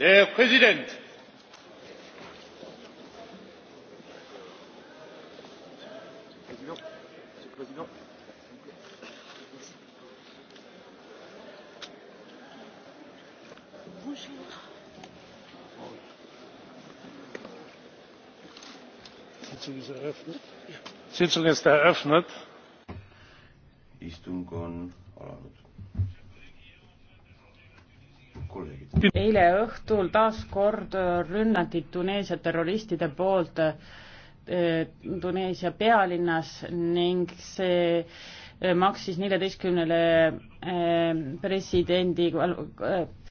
herr präsident! sitzung ist eröffnet. istung on alanud eile õhtul taas kord rünnati Tuneesia terroristide poolt eh, Tuneesia pealinnas ning see eh, maksis neljateistkümnele eh, presidendi